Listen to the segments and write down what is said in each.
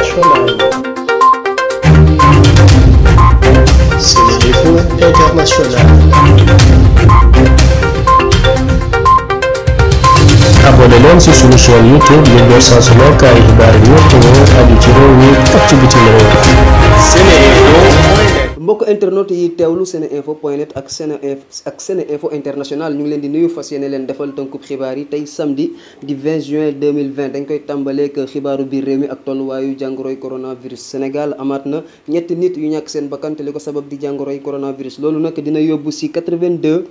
Internacional. Cinélico Internacional. Aboneleriniz sunucular YouTube ve görselciler kayıtlarını ve adetleri ve aktiviteleri. Cinélico mbokk internautes yi teewlu sene info point net ak sene info international ñu ngi leen di nuyu fas yéene leen defal tënkub xibaar yi tey samedi di juin dañ koy tàmbaleek xibaaru biir réew mi ak tolluwaayu jàngoroy coronavirus Sénégal amaat na ñetti nit yu ñàkk seen bakkan te li ko sabab di jàngoroy coronavirus loolu nag dina yóbbu si 82.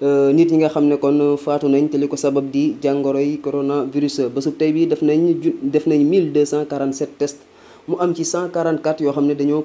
Euh, nit ñi nga xam ne kon faatu nañ te li ko sabab di jàngoroy coronavirus bésub tey bi def nañ def nañ 1247 tests mu am ci 144 yoo xam ne dañoo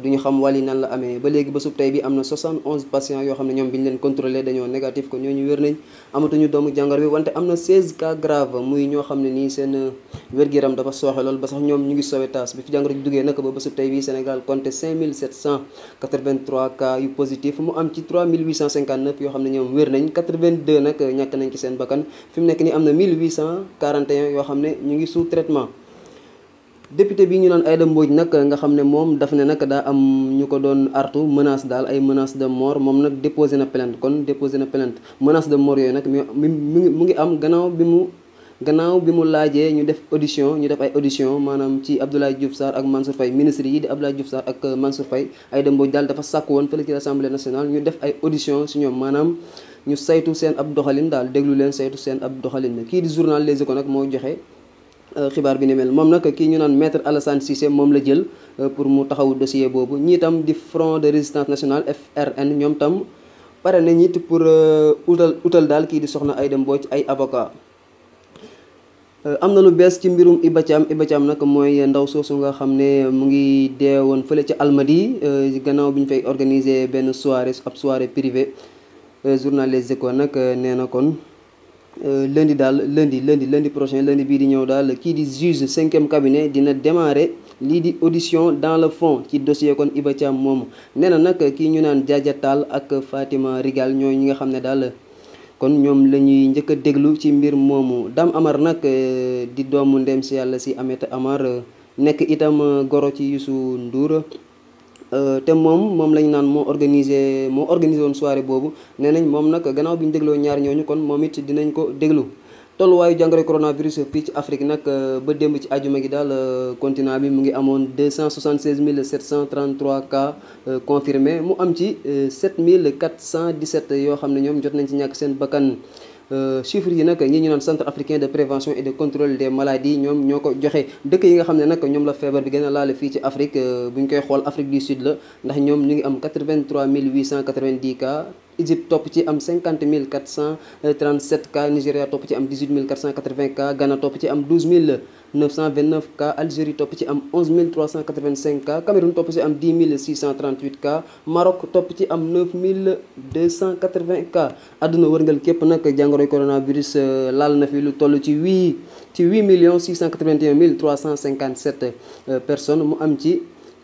duñu xam wàll yi nan la amee ba léegi ba sub bi am na 71 patients yoo xam ne ñoom wér nañ amatuñu doomu jàngoro bi wante euh, nañ ci seen bakkan fi mu nekk ni am na 1841 yoo xam ne ñu ngi sous traitement député bi ñu naan Aïda Mbodj nag nga xam ne moom daf ne nag daa am ñu ko doon artu menace daal ay menace de mort moom nag déposé na plainte kon déposé na plainte menace de mort yooyu nag mi ngi mu ngi am gannaaw bi mu gannaaw bi mu laajee ñu def audition ñu def ay audition maanaam ci Abdoulaye Diouf Sarr ak Mansour fay ministre yi di Abdoulaye Diouf Sarr ak Mansour Faye Aïda Mbodj daal dafa sàkk woon fële ci l'Assemblée nationale ñu def ay audition si ñoom maanaam ñu saytu seen ab doxalin daal déglu leen saytu seen doxalin kii di journal Les Échos nag moo joxe Euh, xibaar bi ni mel moom nag kii ñu naan maître Alassane Cissé moom la jël euh, pour mu taxawu dossier boobu ñiitam di front de résistance nationale FRN ñoom tam pare nañ it pour euh, utal utal daal kii di soxna ay dem Mbodj ay avocat am na lu bees ci mbirum Iba Thiam Iba nag mooy ndaw soosu nga xam ne mu ngi woon fële ci Almadi gannaaw bi ñu fay organiser benn soirée ab soirée privée journaliste ko nag nee na kon Euh, lundi daal lundi lundi lundi prochain lundi bii di ñëw daal kii di juge cinquième cabinet dina démarrer lii di audition dans le fond ci dossier kon Iba Thiam moomu nee na nag kii ñu naan Diadia Tall ak Fatima Rigal ñooyu ñi nga xam ne daal kon ñoom la ñuy njëkk a déglu ci mbir moomu dam Amar nag euh, di doomu ndem si yàlla si Ameth Amar euh, nekk itam goro ci Youssou nduura Euh, te moom moom lañ naan moo organisé moo organisé woon soirée boobu nee nañ moom nag gannaaw bi ñu dégloo ñaar ñooñu kon moom it dinañ ko déglu. tolluwaayu jàngoro coronavirus fii ci Afrique nag euh, ba démb ci ajuma gi daal euh, continent bi mu ngi amoon cent 276 733 cas confirmés mu am ci mille cent 7417 yoo xam ne ñoom jot nañ ci ñàkk seen bakkan. Euh, chiffres yi nag ñi ñu naan centre africain de prévention et de contrôle des maladies ñoom ñoo ko joxe dëkk yi nga xam ne nag ñoom la feebar bi gën a laal fii ci Afrique euh, bu ñu koy xool Afrique du Sud la ndax ñoom ñu ngi am mille 83 890 cas Égypte topp ci am 50 437 cas Nigéria topp ci am 18 480 cas Ghana topp ci am 12 929 cas Algérie topp ci am 11 385 cas Cameroun topp ci am 10 638 cas Maroc topp ci am 9 280 cas àdduna wërngal képp nag jàngoroy coronavirus euh, laal na fi lu toll ci 8 ci 8 681 357 personnes mu am ci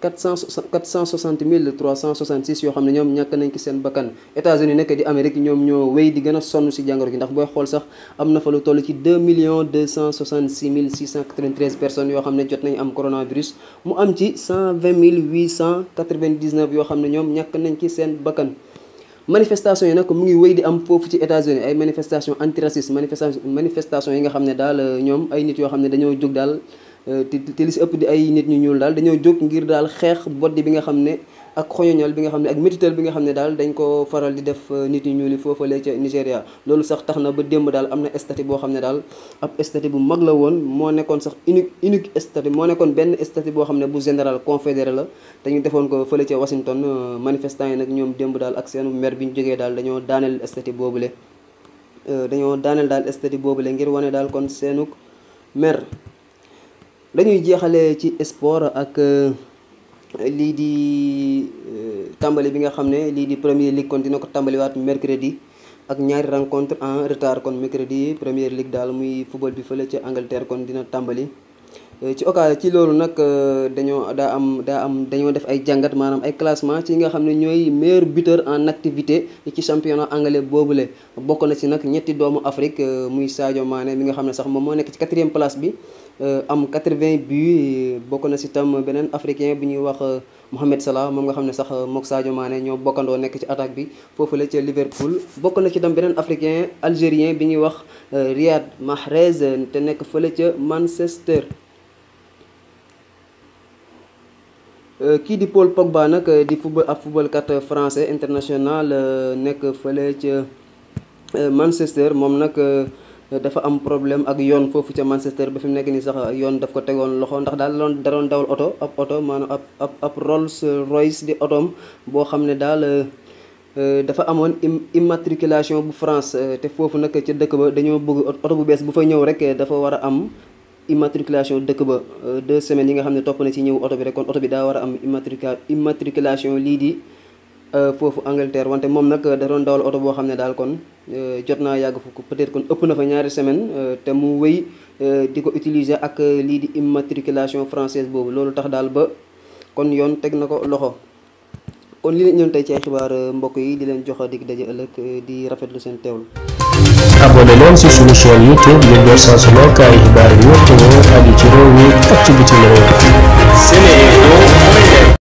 460 mille 366 yoo xam ne ñoom ñàkk nañ ci seen bakkan États-Unis nekk di Amérique ñoom ñoo wéy di gën a sonn si jàngoro gi ndax booy xool sax am na fa lu toll ci 2 millions 266 mille 693 personnes yoo xam ne jot nañ am coronavirus mu am ci 120 mille 899 yoo xam ne ñoom ñàkk nañ ci seen bakkan manifestation yi nag mu ngi wéy di am foofu ci États-Unis ay manifestation antiraciste manifestation manifestation yi nga xam ne daal euh, ñoom ay nit yoo ne dañoo jóg Euh, te te li si ëpp di ay nit ñu ñuul daal dañoo jóg ngir daal xeex boddi bi nga xam ne ak xoñoñal bi nga xam ne ak métital bi nga xam ne daal dañ ko faral di def euh, nit ñu ñuul yi foofalee ca Nigéria loolu sax tax na ba démb daal am na statut boo xam ne daal ab statut bu mag la woon moo nekkoon sax unique unique statut moo nekkoon benn statut boo xam ne bu général confédéré la dañu defoon ko fële ca Washington euh, manifestant yi nag ñoom démb daal ak seen mer bi ñu jógee daal dañoo daaneel boobu le dañoo daaneel daal boobu le ngir wane daal kon seenuk mer dañuy jeexale ci sport ak euh, lii di euh, tàmbali bi nga xam ne lii di Premier League kon dina ko tàmbaliwaat mercredi ak ñaari rencontre en retard kon mercredi Premier League daal muy football bi fële ci Angleterre kon dina tàmbali Eh, ci oka ci loolu nag eh, dañoo daa am daa am dañoo def ay jàngat maanaam ay classement ci nga xam ne ñooy meilleur buteur en activité ci championnat anglais le bokk na ci nag ñetti doomu Afrique eh, muy Sadio maane mi nga xam ne sax moom moo nekk ci quatrième place bi am 80 buts bokk na ci tam beneen africain bi ñuy wax Mohamed Salah moom nga xam ne sax mook Sadio Mané ñoo bokkandoo nekk ci attaque bi foofu la ca Liverpool bokk na ci tam beneen africain algérien bi ñuy wax Riyad Mahrez te nekk fële ca Manchester Euh, kii di Paul baa nag euh, di football ab footballkat euh, français international nekk fële ca Manchester moom nag dafa am problème ak yoon foofu ca Manchester ba fi mu nekk nii sax yoon daf ko tegoon loxo ndax daal loon daroon dawal oto ab oto maanaam ab ab ab Royce di otoom boo xam ne daal dafa amoon immatriculation bu France te foofu nag ca dëkk ba dañoo bëgg oto bu bees bu fa ñëw rek dafa war a am. immatriculation dëkk ba euh, deux semaines yi nga xam ne topp na ci ñëw oto bi rek kon oto bi daa war a am immatriculation lii di euh, foofu Angleterre wante moom nag da doon dawal oto boo xam ne daal kon euh, jot naa yàgg fukk peut-être kon ëpp na fa ñaari semaine te mu wéy di ko utiliser ak lii di immatriculation française boobu loolu tax daal ba kon yoon teg na ko loxo kon li leen ñëw tey ci ay xibaar euh, mbokk yi di leen jox dig daje ëllëg euh, di rafetlu seen teewlu. abonné leen si suñu chaîne YouTube ngir door saa su nekk ay xibaar yu wér te wóor aju ci réew mi ak ci bitim réew.